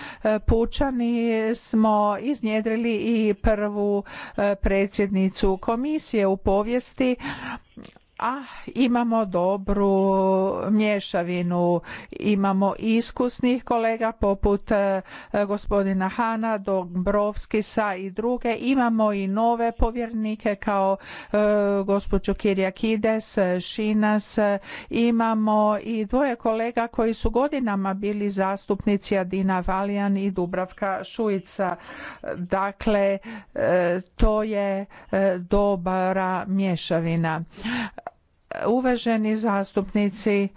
pučani smo iznjedrili i prvu predsjednicu komisije u povijesti a imamo dobru mješavinu. Imamo iskusnih kolega poput e, gospodina Hana, Dombrovskisa i druge. Imamo i nove povjernike kao e, gospođu Kirjakides, Šinas. Imamo i dvoje kolega koji su godinama bili zastupnici Adina Valijan i Dubravka Šuica. Dakle, e, to je dobra mješavina uvaženi zastupnici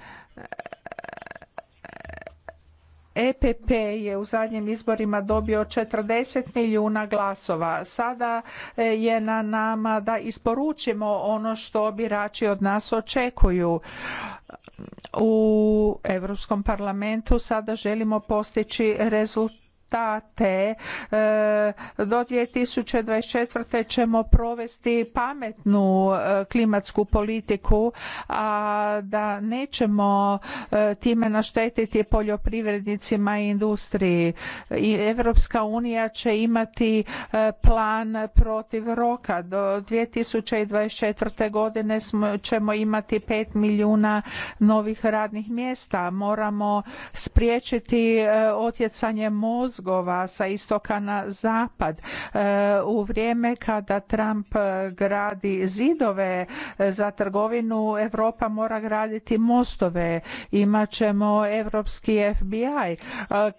EPP je u zadnjim izborima dobio 40 milijuna glasova. Sada je na nama da isporučimo ono što birači od nas očekuju. U Europskom parlamentu sada želimo postići rezultat te e, Do 2024. ćemo provesti pametnu e, klimatsku politiku, a da nećemo e, time naštetiti poljoprivrednicima i industriji. I Evropska unija će imati plan protiv roka. Do 2024. godine ćemo imati 5 milijuna novih radnih mjesta. Moramo spriječiti otjecanje mozga mozgova sa istoka na zapad. E, u vrijeme kada Trump gradi zidove za trgovinu, Europa mora graditi mostove. ćemo europski FBI e,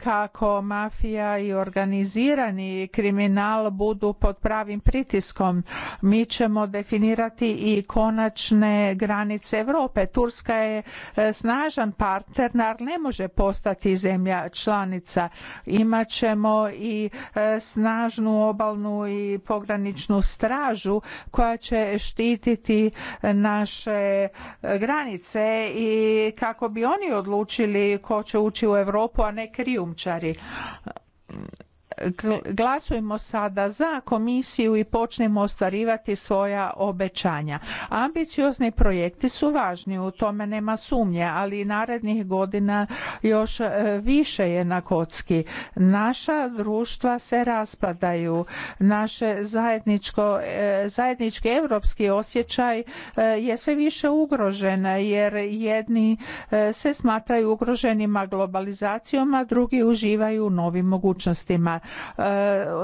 kako mafija i organizirani kriminal budu pod pravim pritiskom. Mi ćemo definirati i konačne granice Europe. Turska je e, snažan partner, ne može postati zemlja članica. Imat ćemo i e, snažnu obalnu i pograničnu stražu koja će štititi naše granice i kako bi oni odlučili ko će ući u Europu, a ne krijumčari glasujmo sada za komisiju i počnemo ostvarivati svoja obećanja. Ambiciozni projekti su važni, u tome nema sumnje, ali narednih godina još e, više je na kocki. Naša društva se raspadaju, naše e, zajednički europski osjećaj e, je sve više ugrožen jer jedni se smatraju ugroženima globalizacijom, a drugi uživaju u novim mogućnostima. E,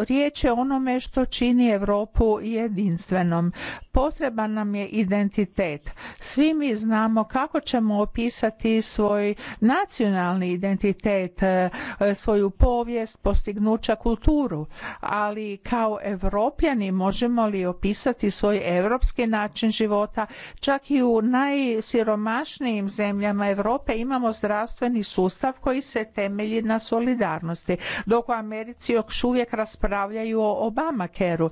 riječ je o onome što čini Europu jedinstvenom. Potreban nam je identitet. Svi mi znamo kako ćemo opisati svoj nacionalni identitet, e, svoju povijest, postignuća, kulturu, ali kao Europljani možemo li opisati svoj europski način života? Čak i u najsiromašnijim zemljama Europe imamo zdravstveni sustav koji se temelji na solidarnosti, dok u Americi još uvijek raspravljaju o Obamakeru. E,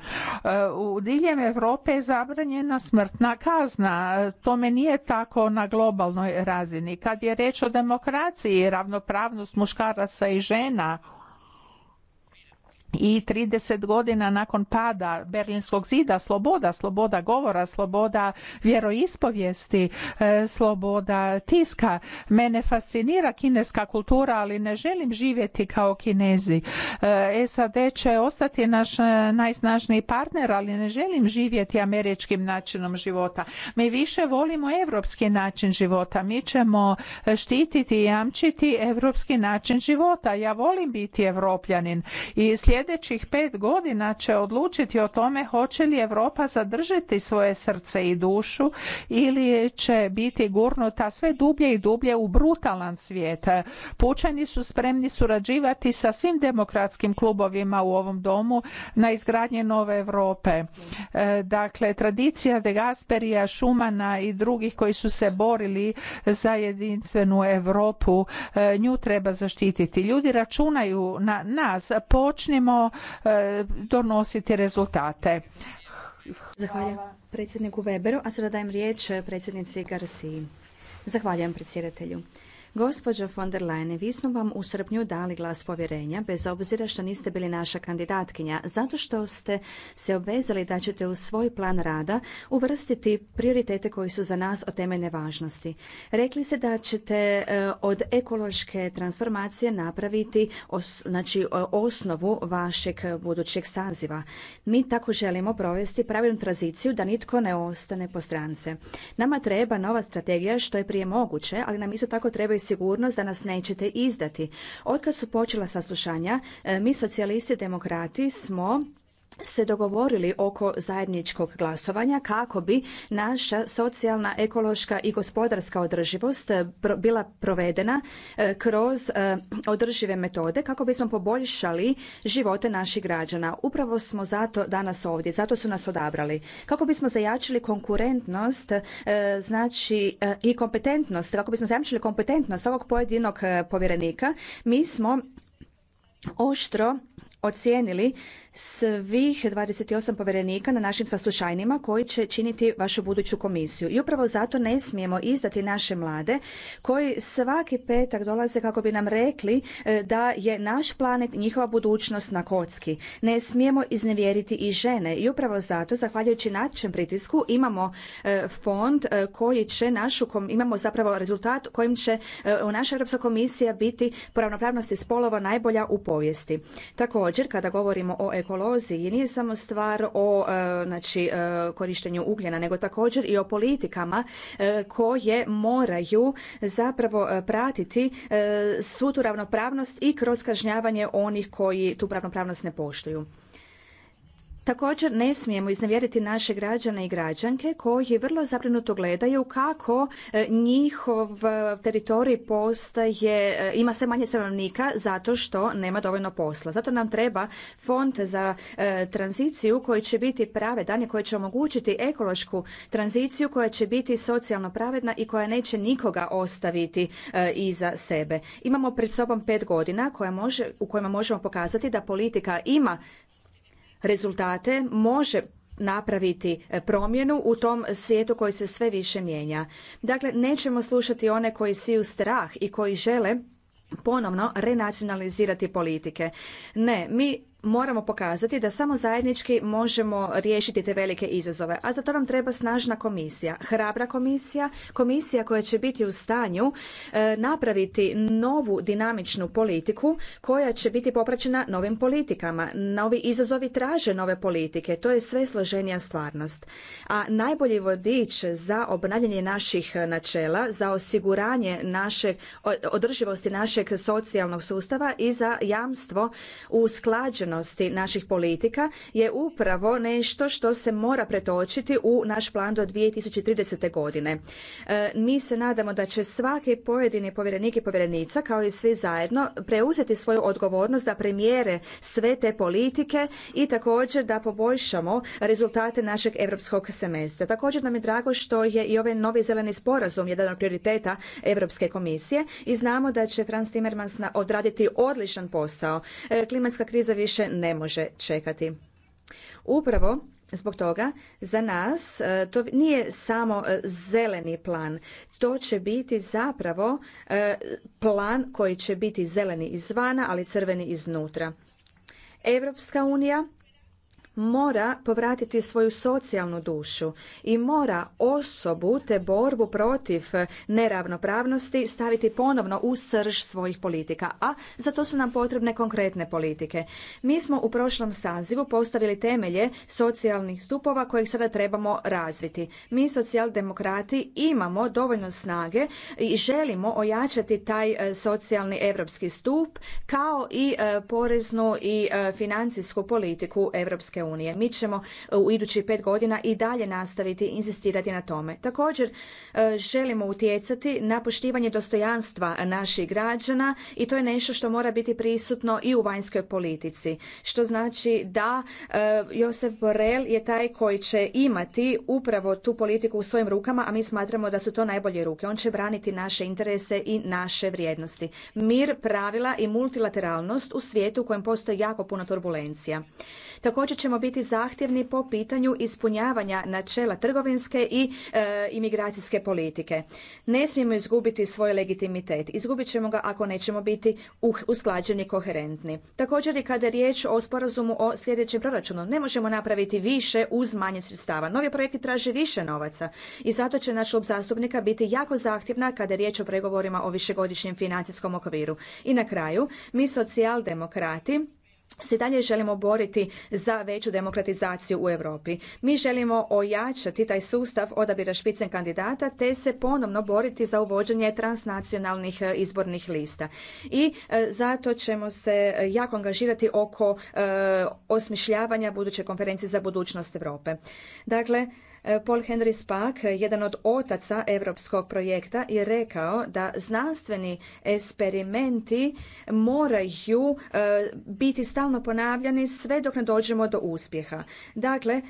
u diljem Europe je zabranjena smrtna kazna. Tome nije tako na globalnoj razini. Kad je reč o demokraciji i ravnopravnost muškaraca i žena i 30 godina nakon pada Berlinskog zida sloboda, sloboda govora, sloboda vjeroispovijesti, e, sloboda tiska. Mene fascinira kineska kultura, ali ne želim živjeti kao kinezi. E, SAD će ostati naš e, najsnažniji partner, ali ne želim živjeti američkim načinom života. Mi više volimo europski način života. Mi ćemo štititi i jamčiti europski način života. Ja volim biti evropljanin i slijed sljedećih pet godina će odlučiti o tome hoće li Europa zadržati svoje srce i dušu ili će biti gurnuta sve dublje i dublje u brutalan svijet. Pučani su spremni surađivati sa svim demokratskim klubovima u ovom domu na izgradnje nove Europe. E, dakle, tradicija de Gasperija, Šumana i drugih koji su se borili za jedinstvenu Europu, e, nju treba zaštititi. Ljudi računaju na nas, počnimo E, donositi rezultate. Zahvaljujem predsjedniku Weberu, a sada dajem riječ predsjednici Garciji. Zahvaljujem predsjedatelju. Gospođo von der Leyen, vi smo vam u srpnju dali glas povjerenja, bez obzira što niste bili naša kandidatkinja, zato što ste se obvezali da ćete u svoj plan rada uvrstiti prioritete koji su za nas od temeljne važnosti. Rekli ste da ćete e, od ekološke transformacije napraviti znači, osnovu vašeg budućeg saziva. Mi tako želimo provesti pravilnu tranziciju da nitko ne ostane po strance. Nama treba nova strategija što je prije moguće, ali nam isto tako trebaju sigurnost da nas nećete izdati. Od kad su počela saslušanja, e, mi socijalisti demokrati smo se dogovorili oko zajedničkog glasovanja kako bi naša socijalna, ekološka i gospodarska održivost eh, bila provedena eh, kroz eh, održive metode kako bismo poboljšali živote naših građana. Upravo smo zato danas ovdje, zato su nas odabrali. Kako bismo zajačili konkurentnost, znači i kompetentnost, kako bismo zajamčili kompetentnost ovog pojedinog povjerenika, mi smo oštro ocijenili svih 28 povjerenika na našim saslušajnima koji će činiti vašu buduću komisiju. I upravo zato ne smijemo izdati naše mlade koji svaki petak dolaze kako bi nam rekli e, da je naš planet njihova budućnost na kocki. Ne smijemo iznevjeriti i žene i upravo zato, zahvaljujući našem pritisku, imamo e, fond e, koji će našu, imamo zapravo rezultat kojim će naša Europska komisija biti po ravnopravnosti spolova najbolja u povijesti. Također, kada govorimo o ekolozi i nije samo stvar o e, znači, e, korištenju ugljena, nego također i o politikama e, koje moraju zapravo pratiti svu tu ravnopravnost i kroz kažnjavanje onih koji tu ravnopravnost ne poštuju. Također ne smijemo iznevjeriti naše građane i građanke koji vrlo zabrinuto gledaju kako e, njihov e, teritorij postaje, e, ima sve manje stanovnika zato što nema dovoljno posla. Zato nam treba fond za tranziciju koji će biti pravedan i koji će omogućiti ekološku tranziciju koja će biti socijalno pravedna i koja neće nikoga ostaviti iza sebe. Imamo pred sobom pet godina koja može, u kojima možemo pokazati da politika ima rezultate može napraviti e, promjenu u tom svijetu koji se sve više mijenja. Dakle, nećemo slušati one koji siju strah i koji žele ponovno renacionalizirati politike. Ne, mi moramo pokazati da samo zajednički možemo riješiti te velike izazove, a za to nam treba snažna komisija, hrabra komisija, komisija koja će biti u stanju e, napraviti novu dinamičnu politiku koja će biti popraćena novim politikama. Novi izazovi traže nove politike, to je sve složenija stvarnost. A najbolji vodič za obnavljanje naših načela, za osiguranje naše održivosti našeg socijalnog sustava i za jamstvo usklađeno naših politika je upravo nešto što se mora pretočiti u naš plan do 2030. godine. E, mi se nadamo da će svaki pojedini povjerenik i povjerenica kao i svi zajedno preuzeti svoju odgovornost da premijere sve te politike i također da poboljšamo rezultate našeg europskog semestra. Također nam je drago što je i ovaj novi zeleni sporazum jedan od prioriteta Europske komisije i znamo da će Franz Timmermans odraditi odličan posao. E, klimatska kriza više ne može čekati. Upravo Zbog toga za nas e, to nije samo e, zeleni plan, to će biti zapravo e, plan koji će biti zeleni izvana, ali crveni iznutra. Europska unija mora povratiti svoju socijalnu dušu i mora osobu te borbu protiv neravnopravnosti staviti ponovno u srž svojih politika, a za to su nam potrebne konkretne politike. Mi smo u prošlom sazivu postavili temelje socijalnih stupova kojih sada trebamo razviti. Mi socijaldemokrati imamo dovoljno snage i želimo ojačati taj e, socijalni europski stup kao i e, poreznu i e, financijsku politiku Europske unije. Mi ćemo e, u idućih pet godina i dalje nastaviti inzistirati na tome. Također e, želimo utjecati na poštivanje dostojanstva naših građana i to je nešto što mora biti prisutno i u vanjskoj politici. Što znači da e, Josef Borel je taj koji će imati upravo tu politiku u svojim rukama, a mi smatramo da su to najbolje ruke. On će braniti naše interese i naše vrijednosti. Mir, pravila i multilateralnost u svijetu u kojem postoji jako puno turbulencija. Također ćemo biti zahtjevni po pitanju ispunjavanja načela trgovinske i e, imigracijske politike. Ne smijemo izgubiti svoj legitimitet. Izgubit ćemo ga ako nećemo biti usklađeni i koherentni. Također i kada je riječ o sporazumu o sljedećem proračunu, ne možemo napraviti više uz manje sredstava. Novi projekti traže više novaca i zato će naš klub zastupnika biti jako zahtjevna kada je riječ o pregovorima o višegodišnjem financijskom okviru. I na kraju, mi socijaldemokrati se dalje želimo boriti za veću demokratizaciju u Europi. Mi želimo ojačati taj sustav odabira špicen kandidata te se ponovno boriti za uvođenje transnacionalnih e, izbornih lista. I e, zato ćemo se jako angažirati oko e, osmišljavanja buduće konferencije za budućnost Europe. Dakle, E, Paul Henry Spack, jedan od otaca europskog projekta, je rekao da znanstveni eksperimenti moraju e, biti stalno ponavljani sve dok ne dođemo do uspjeha. Dakle, e,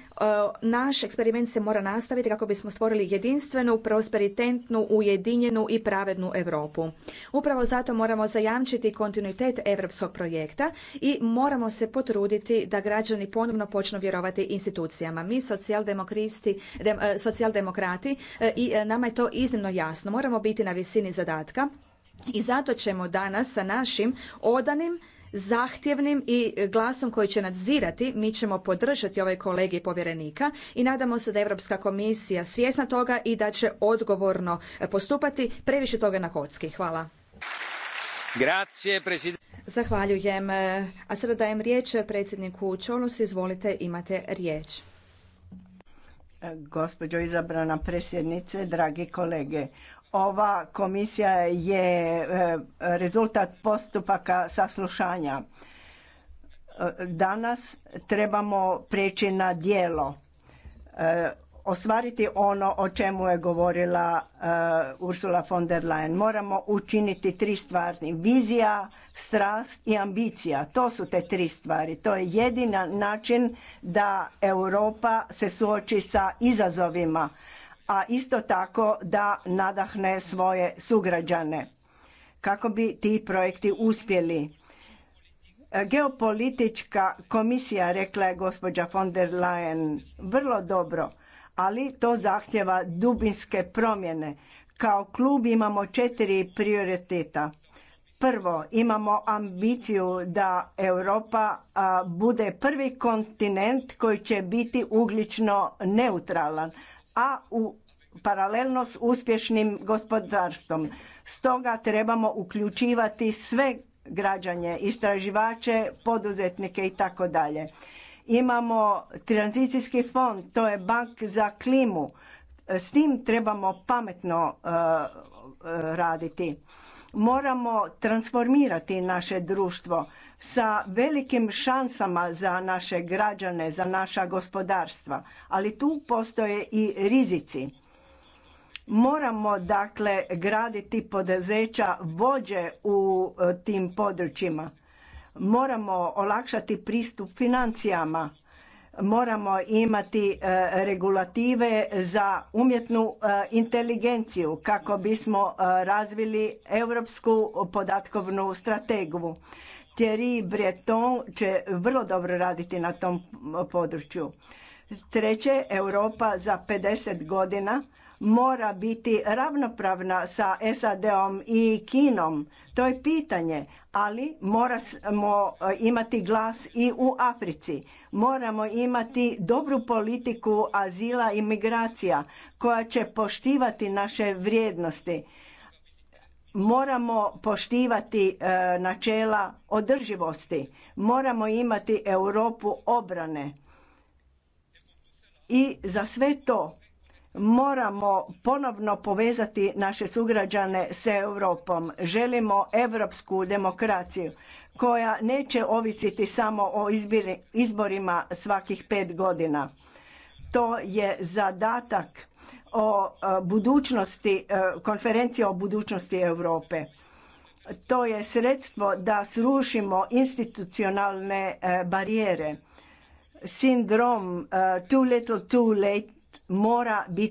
naš eksperiment se mora nastaviti kako bismo stvorili jedinstvenu, prosperitentnu, ujedinjenu i pravednu Europu. Upravo zato moramo zajamčiti kontinuitet europskog projekta i moramo se potruditi da građani ponovno počnu vjerovati institucijama. Mi socijaldemokristi E, socijaldemokrati e, i e, nama je to iznimno jasno. Moramo biti na visini zadatka i zato ćemo danas sa našim odanim zahtjevnim i glasom koji će nadzirati mi ćemo podržati ovaj kolegi povjerenika i nadamo se da je Europska komisija svjesna toga i da će odgovorno postupati previše toga na kocki. Hvala. Grazie, Zahvaljujem. A sada dajem riječ predsjedniku Čolosu. Izvolite, imate riječ. E, gospođo izabrana predsjednice, dragi kolege. Ova komisija je e, rezultat postupaka saslušanja. E, danas trebamo prijeći na dijelo ostvariti ono o čemu je govorila uh, Ursula von der Leyen. Moramo učiniti tri stvari. Vizija, strast i ambicija. To su te tri stvari. To je jedina način da Europa se suoči sa izazovima, a isto tako da nadahne svoje sugrađane. Kako bi ti projekti uspjeli? Geopolitička komisija, rekla je gospođa von der Leyen, vrlo dobro ali to zahtjeva dubinske promjene. Kao klub imamo četiri prioriteta. Prvo, imamo ambiciju da Europa bude prvi kontinent koji će biti ugljično neutralan, a u paralelno s uspješnim gospodarstvom. Stoga trebamo uključivati sve građanje, istraživače, poduzetnike i tako dalje. Imamo tranzicijski fond, to je bank za klimu. S tim trebamo pametno e, e, raditi. Moramo transformirati naše društvo sa velikim šansama za naše građane, za naša gospodarstva, ali tu postoje i rizici. Moramo dakle graditi poduzeća vođe u e, tim područjima Moramo olakšati pristup financijama, moramo imati e, regulative za umjetnu e, inteligenciju kako bismo e, razvili europsku podatkovnu strategiju. Thierry Breton će vrlo dobro raditi na tom području. Treće, Europa za 50 godina mora biti ravnopravna sa SAD-om i Kinom? To je pitanje, ali moramo eh, imati glas i u Africi. Moramo imati dobru politiku azila i migracija koja će poštivati naše vrijednosti. Moramo poštivati eh, načela održivosti. Moramo imati Europu obrane. I za sve to moramo ponovno povezati naše sugrađane s Europom. Želimo europsku demokraciju koja neće ovisiti samo o izborima svakih pet godina. To je zadatak o e, budućnosti, e, konferencije o budućnosti Europe. To je sredstvo da srušimo institucionalne e, barijere. Sindrom too little too late mora biti